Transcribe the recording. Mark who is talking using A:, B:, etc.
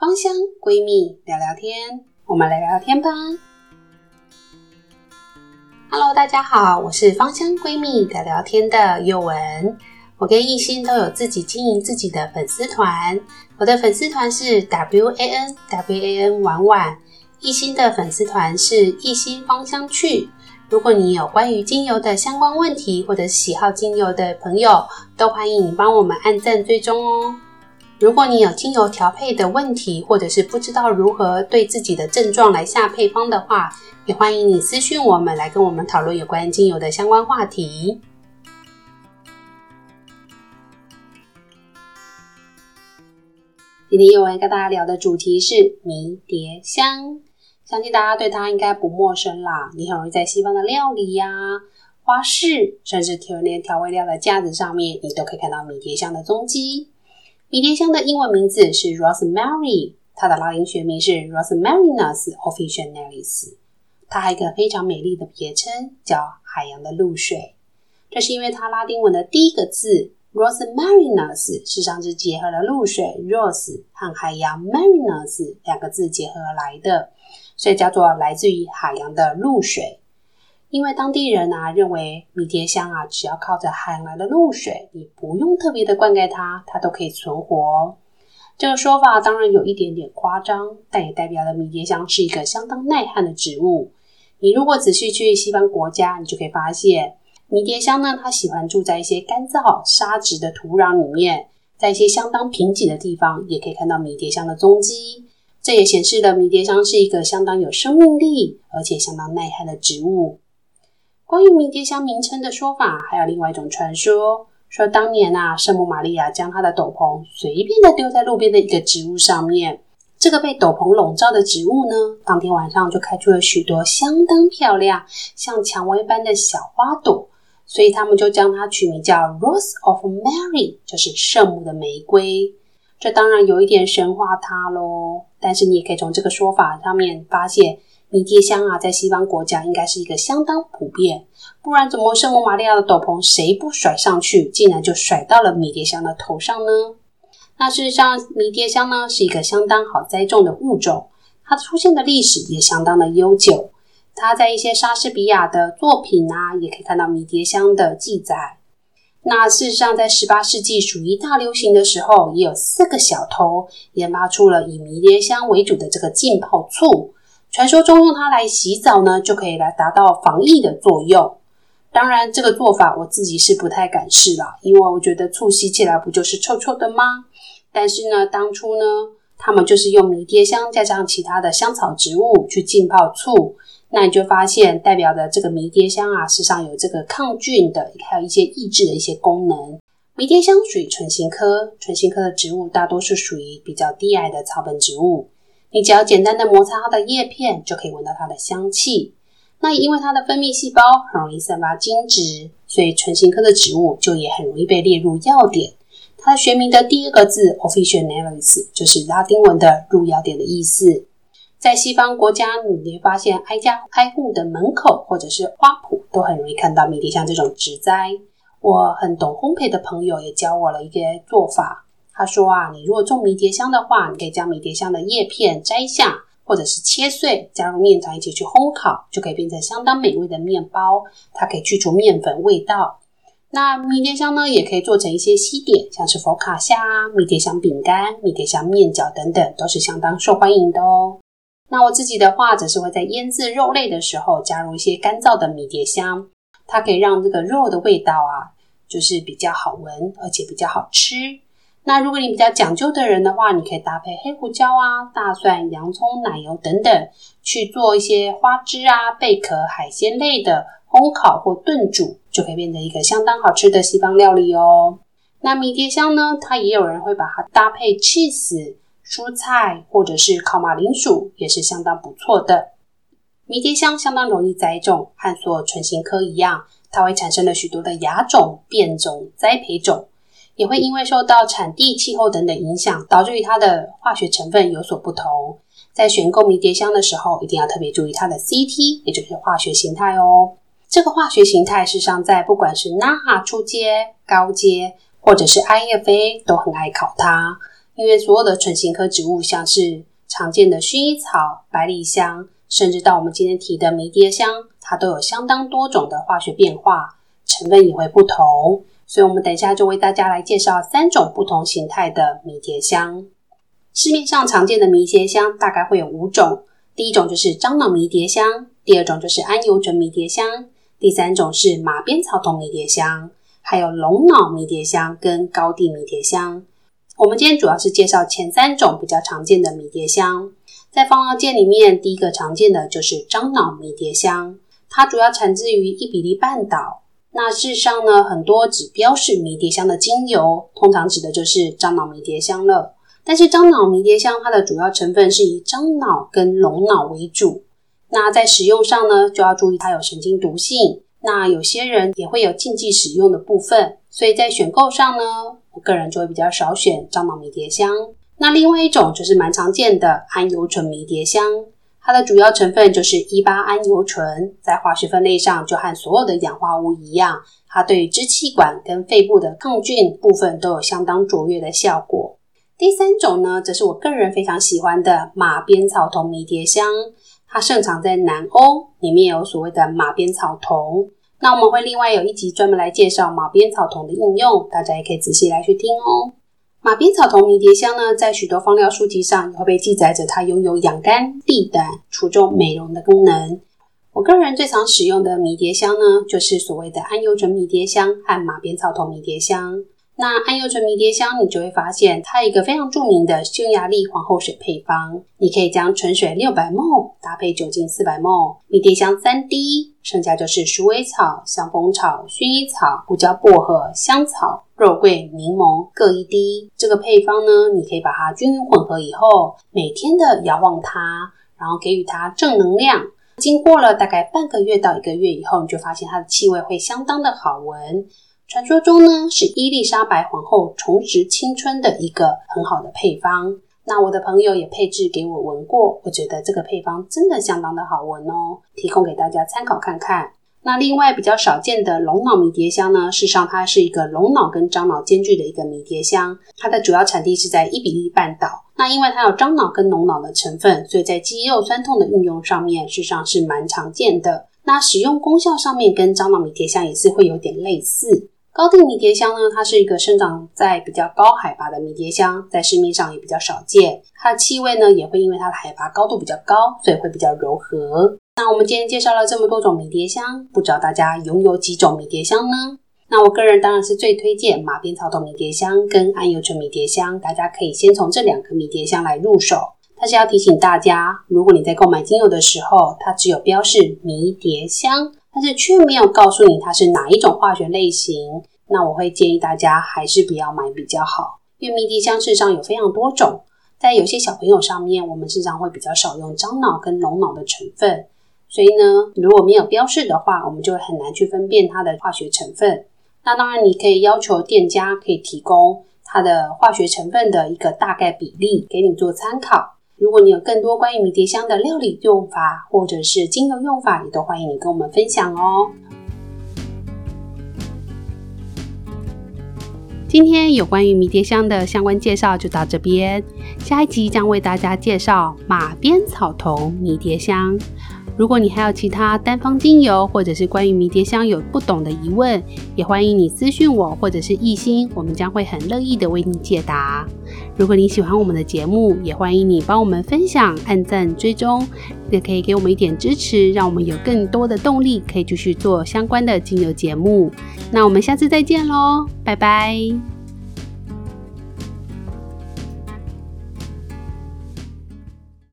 A: 芳香閨蜜聊聊天，我們來聊天吧。Hello，大家好，我是芳香閨蜜聊聊天的宥雯。我跟一心都有自己經營自己的粉絲團，我的粉絲團是 WAN WAN 婉婉；一心的粉絲團是一心芳香趣。如果你有關於精油的相關問題，或者喜好精油的朋友，都歡迎你幫我們按讚追蹤哦。如果你有精油調配的問題，或者是不知道如何對自己的症狀來下配方的話，也歡迎你私訊我們來跟我們討論有關精油的相關話題。今天我們要跟大家聊的主題是迷迭香，相信大家對它應該不陌生啦。你很容易在西方的料理呀、啊、花市，甚至就連調味料的架子上面，你都可以看到迷迭香的蹤跡。迷迭香的英文名字是 rosemary，它的拉丁學名是 Rosmarinus officinalis。它還有一個非常美麗的別稱，叫海洋的露水。這是因為它拉丁文的第一個字 Rosmarinus 事實上是結合了露水 rose 和海洋 marinus 兩個字結合來的，所以叫做來自於海洋的露水。因為當地人啊認為，迷迭香啊，只要靠着海來的露水，你不用特別的灌溉它，它都可以存活。這個說法當然有一點點誇張，但也代表了迷迭香是一個相當耐旱的植物。你如果仔細去西方國家，你就可以發現，迷迭香呢，它喜歡住在一些乾燥沙質的土壤裡面，在一些相當貧瘠的地方，也可以看到迷迭香的蹤跡。這也顯示了迷迭香是一個相當有生命力，而且相當耐旱的植物。關於迷迭香名稱的說法，還有另外一種傳說，說當年啊，聖母瑪利亞將她的斗篷隨便的丟在路邊的一個植物上面，這個被斗篷籠罩的植物呢，當天晚上就開出了許多相當漂亮、像薔薇般的小花朵，所以他們就將它取名叫 Rose of Mary，就是聖母的玫瑰。這當然有一點神話它咯，但是你也可以從這個說法上面發現。迷迭香啊，在西方國家應該是一個相當普遍，不然怎麼聖母瑪利亞的斗篷誰不甩上去，竟然就甩到了迷迭香的頭上呢？那事實上，迷迭香呢是一個相當好栽種的物種，它出現的歷史也相當的悠久。它在一些莎士比亞的作品吶、啊，也可以看到迷迭香的記載。那事實上，在十八世紀屬於大流行的時候，也有四個小偷研發出了以迷迭香為主的這個浸泡醋。傳說中用它來洗澡呢，就可以來達到防疫的作用。當然，這個做法我自己是不太敢試了，因為我覺得醋吸起來不就是臭臭的嗎？但是呢，當初呢，他們就是用迷迭香加上其他的香草植物去浸泡醋，那你就發現代表的這個迷迭香啊，事實上有這個抗菌的，還有一些抑制的一些功能。迷迭香屬於唇形科，唇形科的植物大多數屬於比較低矮的草本植物。你只要簡單的摩擦它的葉片，就可以聞到它的香氣。那因為它的分泌細胞很容易散發精油，所以唇形科的植物就也很容易被列入藥典。它的學名的第一個字 officinalis 就是拉丁文的入藥典的意思。在西方國家，你會發現挨家挨戶的門口或者是花圃都很容易看到迷迭香這種植栽。我很懂烘焙的朋友也教我了一些做法。他說啊，你如果種迷迭香的話，你可以將迷迭香的葉片摘下，或者是切碎，加入麵團一起去烘烤，就可以變成相當美味的麵包。它可以去除麵粉味道。那迷迭香呢，也可以做成一些西點，像是佛卡夏、迷迭香餅乾、迷迭香麵角等等，都是相當受歡迎的哦。那我自己的話，只是會在醃製肉類的時候加入一些乾燥的迷迭香，它可以讓這個肉的味道啊，就是比較好聞，而且比較好吃。那如果你比較講究的人的話，你可以搭配黑胡椒啊、大蒜、洋蔥、奶油等等，去做一些花枝啊、貝殼、海鮮類的烘烤或燉煮，就可以變成一個相當好吃的西方料理哦。那迷迭香呢，它也有人會把它搭配 cheese、蔬菜或者是烤馬鈴薯，也是相當不錯的。迷迭香相當容易栽種，和做唇形科一樣，它會產生了許多的亞種、變種、栽培種。也會因為受到產地、氣候等等影響，導致於它的化學成分有所不同。在選購迷迭香的時候，一定要特別注意它的 CT，也就是化學形態哦。這個化學形態，事實上在不管是 NAHA 初階、高階，或者是 IFA，都很愛考它。因為所有的唇形科植物，像是常見的薰衣草、百里香，甚至到我們今天提的迷迭香，它都有相當多種的化學變化，成分也會不同。所以，我們等一下就為大家來介紹三種不同形態的迷迭香。市面上常見的迷迭香大概會有五種，第一種就是樟腦迷迭香，第二種就是桉油醇迷迭香，第三種是馬鞭草酮迷迭香，還有龍腦迷迭香跟高地迷迭香。我們今天主要是介紹前三種比較常見的迷迭香。在芳療界裡面，第一個常見的就是樟腦迷迭香，它主要產自於伊比利半島。那事實上呢，很多指標是迷迭香的精油，通常指的就是樟腦迷迭香了。但是樟腦迷迭香它的主要成分是以樟腦跟龍腦為主。那在使用上呢，就要注意它有神經毒性。那有些人也會有禁忌使用的部分，所以在選購上呢，我個人就會比較少選樟腦迷迭香。那另外一種就是蠻常見的桉油醇迷迭香。它的主要成分就是伊、e、八桉油醇，在化學分類上就和所有的氧化物一樣，它對於支氣管跟肺部的抗菌部分都有相當卓越的效果。第三種呢，則是我個人非常喜歡的馬鞭草酮迷迭香，它生長在南歐，裡面有所謂的馬鞭草酮。那我們會另外有一集專門來介紹馬鞭草酮的應用，大家也可以仔細來去聽哦。馬鞭草酮迷迭香呢，在許多芳療書籍上也會被記載着它擁有養肝、利膽、除皺、美容的功能。我個人最常使用的迷迭香呢，就是所謂的桉油醇迷迭香和馬鞭草酮迷迭香。那桉油醇迷迭香，你就會發現它有一個非常著名的匈牙利皇后水配方。你可以將純水六百 ml，搭配酒精四百 ml，迷迭香三滴，剩下就是鼠尾草、香蜂草、香蜂草、草、薰衣草、胡椒薄荷、香草、肉桂、檸檬各一滴，這個配方呢，你可以把它均勻混合以後，每天的搖晃它，然後給予它正能量。經過了大概半個月到一個月以後，你就發現它的氣味會相當的好聞。傳說中呢，是伊麗莎白皇后重拾青春的一個很好的配方。那我的朋友也配置給我聞過，我覺得這個配方真的相當的好聞哦，提供給大家參考看看。那另外比較少見的龍腦迷迭香呢，事實上它是一個龍腦跟樟腦兼具的一個迷迭香，它的主要產地是在伊比利半島。那因為它有樟腦跟龍腦的成分，所以在肌肉酸痛的運用上面，事實上是蠻常見的。那使用功效上面跟樟腦迷迭香也是會有點類似。高地迷迭香呢，它是一個生長在比較高海拔的迷迭香，在市面上也比較少見。它的氣味呢，也會因為它的海拔高度比較高，所以會比較柔和。那我們今天介紹了這麼多種迷迭香，不知道大家擁有，有幾種迷迭香呢？那我個人當然是最推薦馬鞭草的迷迭香跟桉油醇迷迭香，大家可以先從這兩個迷迭香來入手。但是要提醒大家，如果你在購買精油的時候，它只有標示迷迭香，但是卻沒有告訴你它是哪一種化學類型，那我會建議大家還是不要買比較好，因為迷迭香事實上有非常多種，在有些小朋友上面，我們事實上會比較少用樟腦跟龍腦的成分。所以呢，如果沒有標示的話，我們就會很難去分辨它的化學成分。那當然，你可以要求店家可以提供它的化學成分的一個大概比例給你做參考。如果你有更多關於迷迭香的料理用法或者是精油用法，也都歡迎你跟我們分享哦。今天有關於迷迭香的相關介紹就到這邊，下一集將為大家介紹馬鞭草頭迷迭香。如果你還有其他單方精油，或者是關於迷迭香有不懂的疑問，也歡迎你私信我，或者是一心，我們將會很樂意的為你解答。如果你喜歡我們的節目，也歡迎你幫我們分享、按讚、追蹤，也可以給我們一點支持，讓我們有更多的動力，可以繼續做相關的精油節目。那我們下次再見嘍，拜拜。